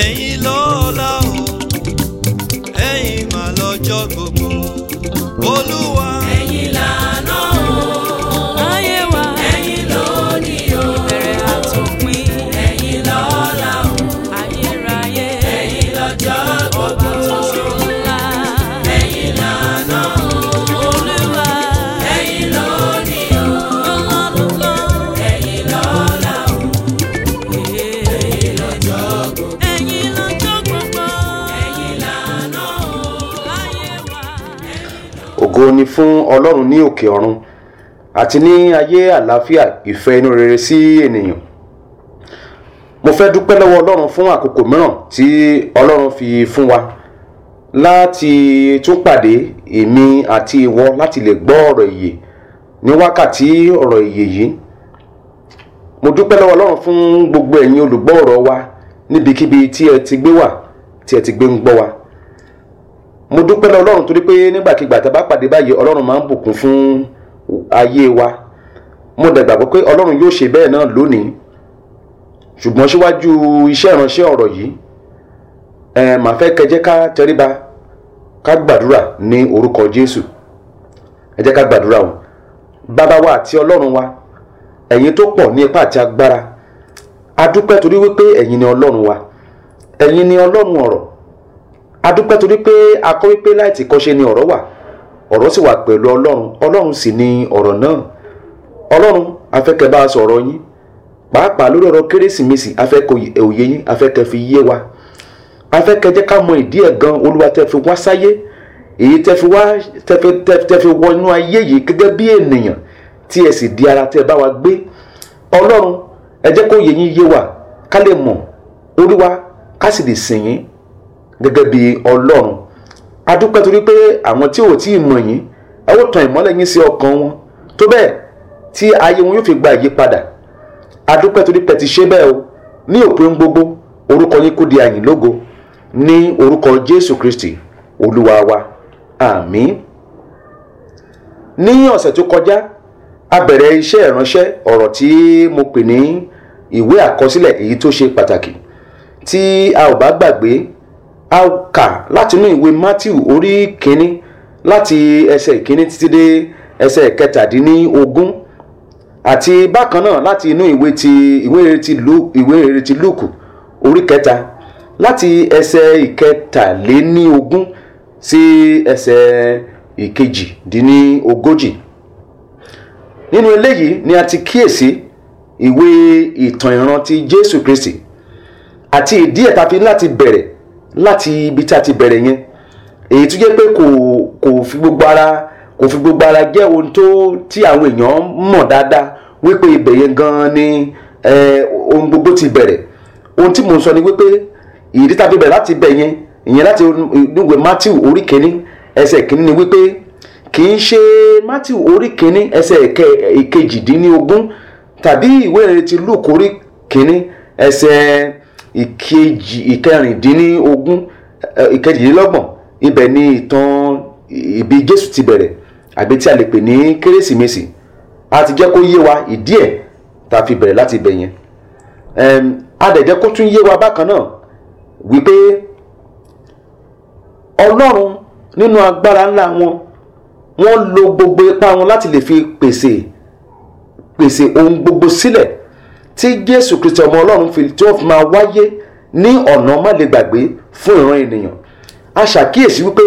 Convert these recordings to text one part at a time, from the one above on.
ẹ̀yin lọ́la o ẹ̀yin mà lọ́jọ́ gbogbo olúwa. ògo ni fún ọlọ́run ní òkè ọ̀run àti ní ayé àlàáfíà ìfẹ́ inú rere sí ènìyàn mo fẹ́ dúpẹ́ lọ́wọ́ ọlọ́run fún àkókò mìíràn tí ọlọ́run fi fún wa láti tún pàdé èmi àti ìwọ láti lè gbọ́ ọ̀rọ̀ ìyè ní wákàtí ọ̀rọ̀ ìyè yìí mo dúpẹ́ lọ́wọ́ ọlọ́run fún gbogbo ẹ̀yin olùgbọ́ ọ̀rọ̀ wa níbikíbi tí ẹ ti gbé wà tí ẹ ti gbé ń gbọ́ wa mo dúpẹ́ lọ ọlọ́run torí pé nígbàkigbà tá a bá pàdé báyìí ọlọ́run máa ń bùkún fún ayé wa mo dàgbà pé ọlọ́run yóò ṣe bẹ́ẹ̀ náà lónìí ṣùgbọ́n síwájú iṣẹ́ ìránṣẹ́ ọ̀rọ̀ yìí ẹ màá fẹ́ kẹjẹ́ ká tẹríba ká gbàdúrà ní orúkọ jésù ẹ ká gbàdúrà o bàbá wa àti ọlọ́run wa ẹ̀yin tó pọ̀ ní ipá àti agbára a dúpẹ́ torí wípé ẹ̀yin ni ọlọ́run wa ẹ̀yin ni ọlọ́run ọ̀rọ̀ adúpẹ́ torí pé a kọ́ wípé láìtì kọ́ṣe ni ọ̀rọ̀ wà ọ̀rọ̀ sì wà pẹ̀lú ọlọ́run ọlọ́run sì ni ọ̀rọ̀ náà ọlọ́run afẹ́kẹ́ bá a sọ̀rọ̀ yín pàápàá lórí ọ̀rọ̀ kérésìmesì afẹ́kẹ́ òye yín afẹ́kẹ́ fi yé wa afẹ́kẹ́ jẹ́ ká mọ ìdí ẹ̀ gan olúwa tẹ́ fi wá sáyé èyí tẹ́ fi wá tẹ́ fi wọnú ayé yìí gẹ́gẹ́ bí ènìyàn tí ẹ sì di ara tẹ́ bá wa gbé ọlọ́run ẹ jẹ́ kó yẹ yín yé wa ká lè mọ̀ olúwa ká sì lè sìn yín gẹ́gẹ́ bí ọlọ́run adúpẹ́ torí pé àwọn tí ò tí ì mọ̀ yín ẹ ó tan ìmọ́lẹ̀ yín sí ọkàn wọn tó bẹ́ẹ̀ tí ayé wọn yóò fi gba ìyípadà adúpẹ́ torí pé ti ṣe bẹ́ẹ̀ o ní òpin gbogbo orúkọ yín kó di àyìn lógo ní orúkọ Jésù Kristi olúwa wa àmín ní ọ̀sẹ̀ tó kọjá a bẹ̀rẹ̀ iṣẹ́ ìránṣẹ́ ọ̀rọ̀ tí mo pè ní ìwé àkọsílẹ̀ èyí tó ṣe pàtàkì tí a ò bá gbàgbé a kà látinú ìwé Matthew orí kínní láti ẹsẹ̀ ìkínní títí dé ẹsẹ̀ kẹtàdínlógún àti bákan náà láti inú ìwé ti ìwé ìrètí ìwé ìrètí Lúùkù orí kẹta láti ẹsẹ̀ ìkẹtàléníogún sí ẹsẹ̀ ìkejìdínlógójì nínú eléyìí ni a ti kíyèsí ìwé ìtàn ìran ti Jésù Kristi àti ìdí ẹ̀ta fi láti bẹ̀rẹ̀ láti ibi tí a ti bẹ̀rẹ̀ yẹn èyí tó jẹ́ pé kò kò fi gbogbo ara kò fi gbogbo ara jẹ́ ohun tó tí àwọn èèyàn mọ̀ dáadáa wípé ibẹ̀ yẹn gan-an ni ohun gbogbo ti bẹ̀rẹ̀ ohun tí mò ń sọ ni wípé ìdí tá a fi bẹ̀rẹ̀ láti bẹ̀ yẹn ìyẹn láti níwèé Matthew orí kìíní ẹsẹ̀ kìíní ni wípé kì í ṣe Matthew orí kìíní ẹsẹ̀ ìkejìdínlógún tàbí ìwé ìrètí Luke orí kìíní ẹsẹ̀ ìkejì ìkẹrìndínlógún ìkejìdínlọ́gbọ̀n ibẹ̀ ni ìtàn ìbí jésù ti bẹ̀rẹ̀ àbí tí a lè pè ní kérésìmesì a ti jẹ́ kó yé wa ìdí ẹ̀ tá a fi bẹ̀rẹ̀ láti ibẹ̀ yẹn a dẹ̀ jẹ́ kó tún yé wa bákan náà wípé ọlọ́run nínú agbára ńlá wọn wọ́n lo gbogbo ipá wọn láti lè fi pèsè pèsè ohun gbogbo sílẹ̀ si tí jésù kristi ọmọ ọlọ́run fi tí ó fi máa wáyé ní ọ̀nà má lè gbàgbé fún ìran ènìyàn a ṣàkíyèsí wípé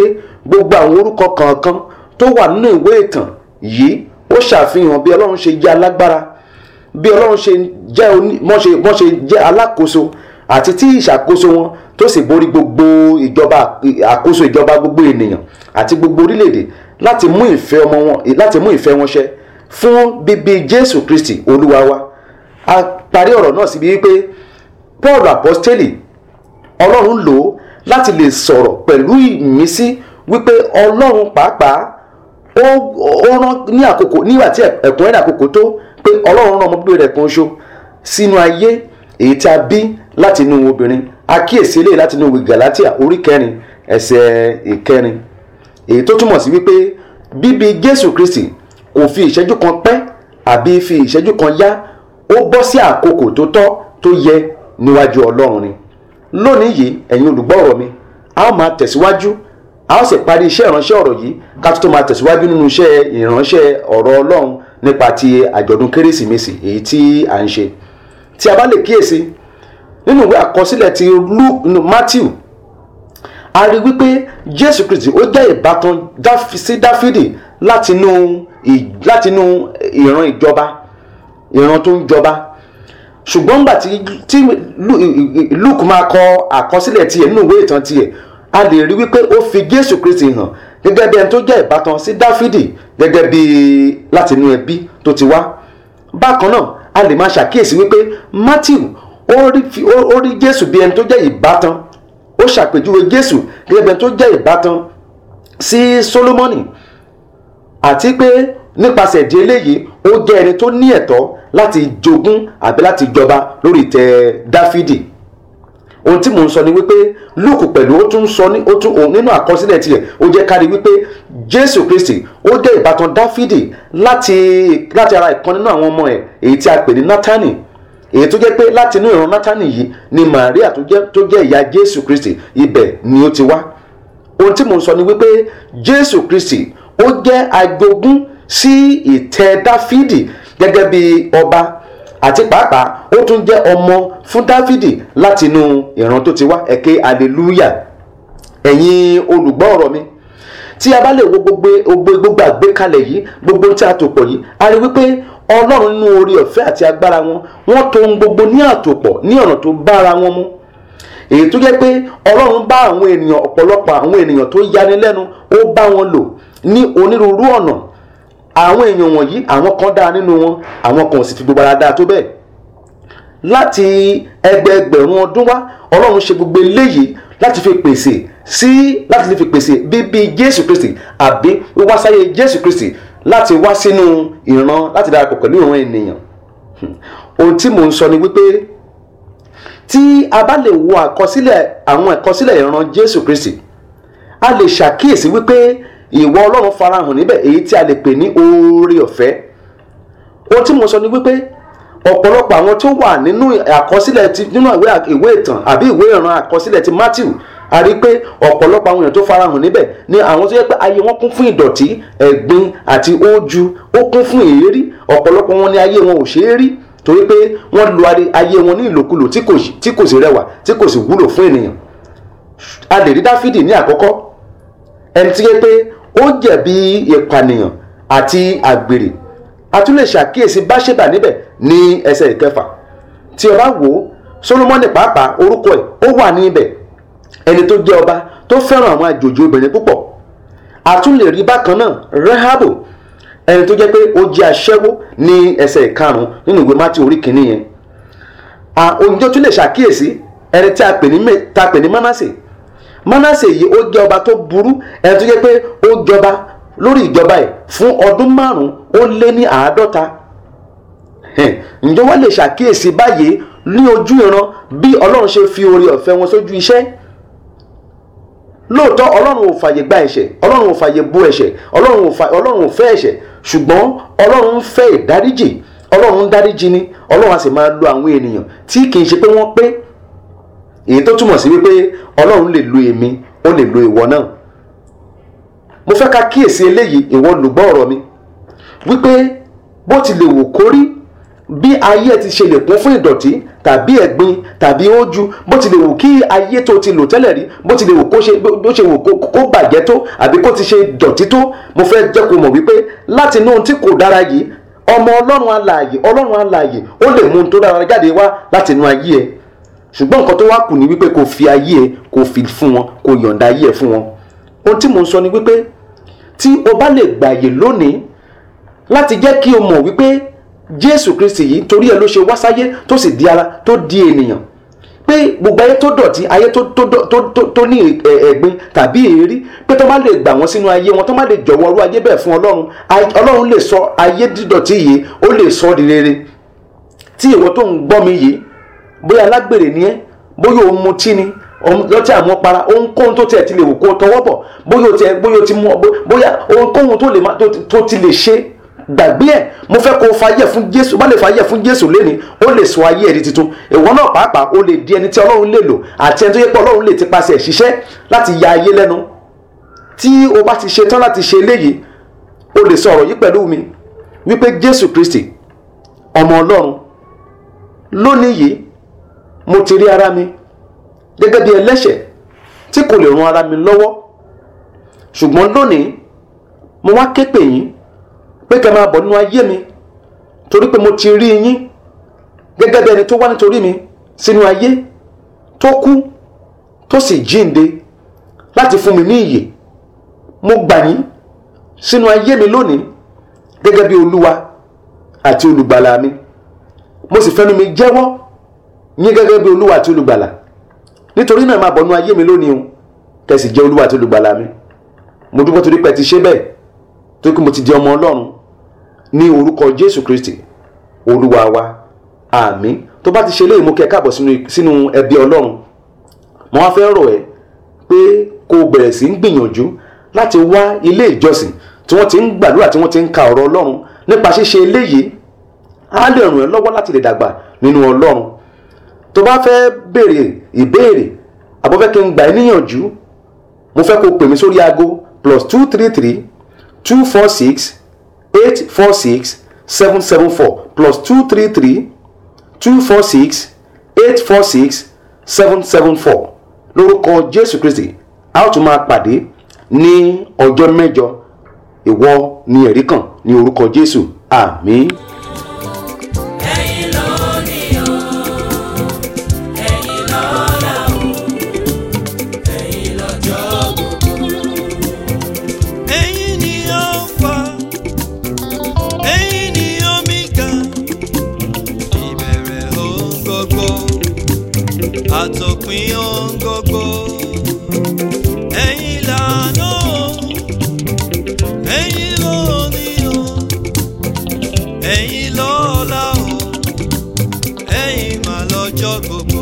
gbogbo àwọn orúkọ kọ̀ọ̀kan tó wà nínú ìwé ìtàn yìí ó ṣàfihàn bí ọlọ́run ṣe jẹ́ alágbára bí ọlọ́run ṣe jẹ́ mọ́ ṣe jẹ́ alákòóso àti tí ìṣàkóso wọn tó sì borí gbogbo ìjọba àkóso ìjọba gbogbo ènìyàn àti gbogbo orílẹ̀-èdè láti mú ìfẹ́ ọmọ wọn láti mú ìfẹ́ wọn ṣẹ fún bíbí jésù kristi olúwa wa a parí ọ̀rọ̀ náà síbi wípé Paul apostoli ọlọ́run lò ó láti lè sọ̀rọ̀ pẹ̀lú ìmísí wípé ọlọ́run pàápàá ó rán ní àkókò nígbà tí ẹ̀kún ẹ̀rìn àkókò tó pé ọlọ́run rán ọmọ bíbí rẹ̀ kan ṣo sínú ayé èyí tí a bí láti inú obìnrin akíyèsí eléyìí láti inú ìwé Galatia orí kẹrin ẹsẹ̀ ìkẹrin èyí tó túmọ̀ sí wípé bíbí Jésù Kristi kò fi ìṣẹ́jú kan pẹ́ àbí fi ìṣẹ́jú kan yá ó bọ́ sí àkókò tó tọ́ tó yẹ níwájú ọlọ́run ni lónìí yìí ẹ̀yin olùgbọ́ ọ̀rọ̀ mi a ó máa tẹ̀síwájú a ó sì parí iṣẹ́ ìránṣẹ́ ọ̀rọ̀ yìí ká tó tó máa tẹ̀síwájú nínú iṣẹ́ ìránṣẹ́ ọ̀rọ̀ ọlọ́run nípa ti àjọ̀dún kérésìmesì èyí tí à ń ṣe tí a bá lè kíyèsí nínú ìwé àkọsílẹ̀ ti lu matthew a rí wípé jésù kristi ó jẹ́ ìbátan sí dáfídì látinú ìran ìjọba ìran tó ń jọba ṣùgbọ́n nígbà tí Luke máa kọ àkọsílẹ̀ tiẹ̀ nínú ìwé ìtàn tiẹ̀ a lè rí wípé ó fi Jésù Kristi hàn gẹ́gẹ́ bí ẹni tó jẹ́ ìbátan sí Dáfídì gẹ́gẹ́ bí látinú ẹbí tó ti wá bákan náà a lè máa ṣàkíyèsí wípé Matthew ó rí Jésù bí ẹni tó jẹ́ ìbátan ó ṣàpèjúwe Jésù gẹ́gẹ́ bí ẹni tó jẹ́ ìbátan sí Sólómọ́nì àti pé nípasẹ̀ ìdí eléyìí ó jẹ́ ẹni tó ní ẹ̀tọ́ láti jogún àbí láti jọba lórí ìtẹ́ dáfídì ohun tí mò ń sọ ni wípé lúùkù pẹ̀lú ó tún sọ ní ó tún òun nínú àkọsílẹ̀ tirẹ̀ ó jẹ́ kárí wípé jésù kristi ó jẹ́ ìbátan dáfídì láti láti ara ìkan nínú àwọn ọmọ ẹ̀ èyí tí a pè ní nátánì èyí tó jẹ́ pé láti inú ìran nátánì yìí ni màríà tó jẹ́ ìyá jésù kristi ibẹ̀ ni ó ti wá ohun tí mò ń sọ ni wípé jésù kristi ó jẹ́ àjogún sí ìtẹ́ dáfídì gẹ́gẹ́ bí ọba àti pàápàá ó tún jẹ́ ọmọ fún dáfídì látinú ìran tó ti wá ẹ̀kẹ́ hallelujah ẹ̀yin olùgbọ́ ọ̀rọ̀ mi tí a bá lè wo gbogbo gbogbo àgbékalẹ̀ yìí gbogbo tí a tò pọ̀ yìí a rí wípé ọlọ́run nínú orí ọ̀fẹ́ àti agbára wọn wọ́n tò ń gbogbo ní àtòpọ̀ ní ọ̀nà tó bára wọn mu èyí tó jẹ́ pé ọlọ́run bá àwọn ènìyàn ọ̀pọ̀lọpọ̀ àwọn ènìyàn tó yanilẹ́nu ó bá wọn lò ní onírúurú ọ̀nà àwọn èèyàn wọ̀nyí àwọn kan dáa nínú wọn àwọn kan ò sì fi gbogbo ara dáa tó bẹ́ẹ̀ láti ẹgbẹẹgbẹ̀rún ọdún wá ọlọ́run ṣe gbogbo eléyìí láti fi pèsè sí láti lè fi pèsè bíbí jésù kristi àbí wíwá sáyé jésù kristi láti wá sínú ìran láti darapọ̀ pẹ̀lú ìran ènìyàn ohun tí mò ń sọ ni wípé tí a bá lè wo àkọsílẹ̀ àwọn àkọsílẹ̀ ìran jésù kristi a lè ṣàkíyèsí wípé ìwọ ọlọ́run farahàn níbẹ̀ èyí tí a lè pè ní oore ọ̀fẹ́ ohun tí mo sọ ni wípé ọ̀pọ̀lọpọ̀ àwọn tó wà nínú àkọsílẹ̀ ti nínú ìwé ìtàn àbí ìwé ìran àkọsílẹ̀ ti Matthew a rí i pé ọ̀pọ̀lọpọ̀ àwọn èèyàn tó farahàn níbẹ̀ ni àwọn tó yẹ pé ayé wọn kún fún ìdọ̀tí ẹ̀gbin àti ojú ó kún fún èérí ọ̀pọ̀lọpọ̀ wọn ni ayé wọn ò ṣeé rí torí pé wọ́n lo ayé wọn ní ìlòkulò tí kò sí rẹwà tí kò sì wúlò fún ènìyàn a lè rí Dáfídì ní àkọ́kọ́ ẹni tí yẹ pé ó jẹ̀bi ìpànìyàn àti àgbèrè a tún lè ṣàkíyèsí báṣẹ́bà níbẹ̀ ní ẹsẹ̀ ìkẹfà tí ọba wò ó Solomoni pàápàá orúkọ ẹ̀ ó wà níbẹ̀ ẹni tó jẹ́ ọba tó fẹ́ràn àwọn àjòjì obìnrin púpọ̀ a tún lè rí bákan náà Rehobo ẹni tó jẹ́ pé ó jẹ́ aṣẹ́wó ní ẹsẹ̀ ìkarùn-ún nínú ìwé Mátì orí kìíní yẹn ohun tó tún lè ṣàkíyèsí ẹni tí a pè ní Mánásè manasse yìí ó jẹ́ ọba tó burú ẹni tó jẹ́ pé ó jọba lórí ìjọba ẹ̀ fún ọdún márùn-ún ó lé ní àádọ́ta ǹjọ́ wá lè ṣàkíyèsí báyìí ní ojú ìran bí ọlọ́run ṣe fi oore ọ̀fẹ́ wọn sójú iṣẹ́ lóòótọ́ ọlọ́run ò fàyè gba ẹ̀ṣẹ̀ ọlọ́run ò fàyè bo ẹ̀ṣẹ̀ ọlọ́run ò fẹ́ ẹ̀ṣẹ̀ ṣùgbọ́n ọlọ́run ń fẹ́ ìdáríjì ọlọ́run ń dáríjì ni ọlọ́run a sì máa lo àwọn ènìyàn tí kì í ṣe pé wọ́n pé èyí tó túmọ̀ sí wípé ọlọ́run lè lo èmi ó lè lo ìwọ náà mo fẹ́ ká kíyèsí eléyìí ìwọ lùgbọ́ ọ̀rọ̀ mi wípé bó ti lè wò kórí bí ayé ti ṣe lè kún fún ìdọ̀tí tàbí ẹ̀gbin tàbí ojú bó ti lè wò kí ayé tó ti lò tẹ́lẹ̀ rí bó ti lè wò kó ṣe bó ṣe wò kó bàjẹ́ tó àbí kó ti ṣe dọ̀tí tó mo fẹ́ jẹ́ kó mọ̀ wípé láti inú ohun tí kò dára yìí ọmọ ọlọ́run alààyè ọlọ́run alààyè ó lè mú un tó dára jáde wá láti inú ayé ẹ̀ ṣùgbọ́n nǹkan tó wá kù ni wípé kò fi ayé ẹ kò fi fún wọn kò yọ̀ǹda ayé ẹ fún wọn ohun tí mò ń sọ ni wípé tí o bá lè gbàyè lónìí láti jẹ́ kí o mọ̀ wípé Jésù Kristi yìí torí ẹ ló ṣe wá sáyé tó sì di ara tó di ènìyàn pé gbogbo ayé tó dọ̀tí ayé tó ní ẹ̀gbin tàbí èérí pé tó má lè gbà wọ́n sínú ayé wọn tó má lè jọ̀wọ́ ọrú ayé bẹ́ẹ̀ fún Ọlọ́run Ọlọ́run lè sọ ayé dídọ̀tí yìí ó lè sọ di rere tí ìwọ tó ń gbọ́ mi yìí bóyá alágbèrè ni ẹ́ bóyá òun mutí ni lọ́tí àmọ́ para ohunkóhun tó tiẹ̀ ti lè wò kó tọwọ́ bọ̀ bóyá o tiẹ̀ bóyá o ti mú bóyá ohunkóhun tó lè má tó ti lè ṣe gbàgbé ẹ̀ mo fẹ́ kó o fàyè fún Jésù má lè fàyè fún Jésù lẹ́ni ó lè sọ ayé ẹ̀ di titun ìwọ náà pàápàá o lè di ẹni tí Ọlọ́run lè lò àti ẹni tó yẹ pé Ọlọ́run lè ti paṣẹ ṣiṣẹ́ láti ya ayé lẹ́nu tí o bá ti ṣetán láti ṣe eléyìí o lè sọ ọ̀rọ̀ yìí pẹ̀lú mi wípé Jésù Kristi ọmọ Ọlọ́run lónìí yìí mo ti rí ara mi gẹ́gẹ́ bí ẹlẹ́ṣẹ̀ tí kò lè ran ara mi lọ́wọ́ ṣùgbọ́n lónìí mo wá ké pè yín pé kẹ́ máa bọ̀ nínú ayé mi torí pé mo ti rí yín gẹ́gẹ́ bí ẹni tó wá nítorí mi sínú ayé tó kú tó sì jíǹde láti fún mi ní ìyè mo gbà yín sínú ayé mi lónìí gẹ́gẹ́ bí olúwa àti olùgbàlà mi mo sì fẹ́nu mi jẹ́wọ́ yín gẹ́gẹ́ bí olúwa àti olùgbàlà nítorí náà máa bọ̀nú ayé mi lónìí o kẹsì jẹ́ olúwa àti olùgbàlà mi mo dúpẹ́ torí pé ti ṣe bẹ́ẹ̀ tó kí mo ti di ọmọ ọlọ́run ní orúkọ jésù kristi olúwa wa àmín tó bá ti ṣe léyìí mo kẹ́ káàbọ̀ sínú ẹbí ọlọ́run mo wá fẹ́ rọ̀ ẹ́ pé kó o bẹ̀rẹ̀ sí ń gbìyànjú láti wá ilé ìjọsìn tí wọ́n ti ń gbàdúrà tí wọ́n ti ń ka ọ̀rọ̀ ọlọ́run nípa ṣíṣe eléyìí á lè ràn ẹ́ lọ́wọ́ láti lè dàgbà nínú ọlọ́run tó bá fẹ́ béèrè ìbéèrè àbọ̀ fẹ́ kí n gbà ẹ́ níyànjú mo fẹ́ kó pè mí sórí aago plus two three three two four six eight four six seven seven four plus two three three two four six eight four six seven seven four lórúkọ Jésù Kristi a ó tún máa pàdé ní ọjọ́ mẹ́jọ ìwọ ni ẹ̀rí kan ní orúkọ Jésù àmín. àtòpin ohun gbogbo ẹ̀yin lànà ẹ̀yin lónìí o ẹ̀yin lọ́la o ẹ̀yin mà lọ́jọ́ gbogbo.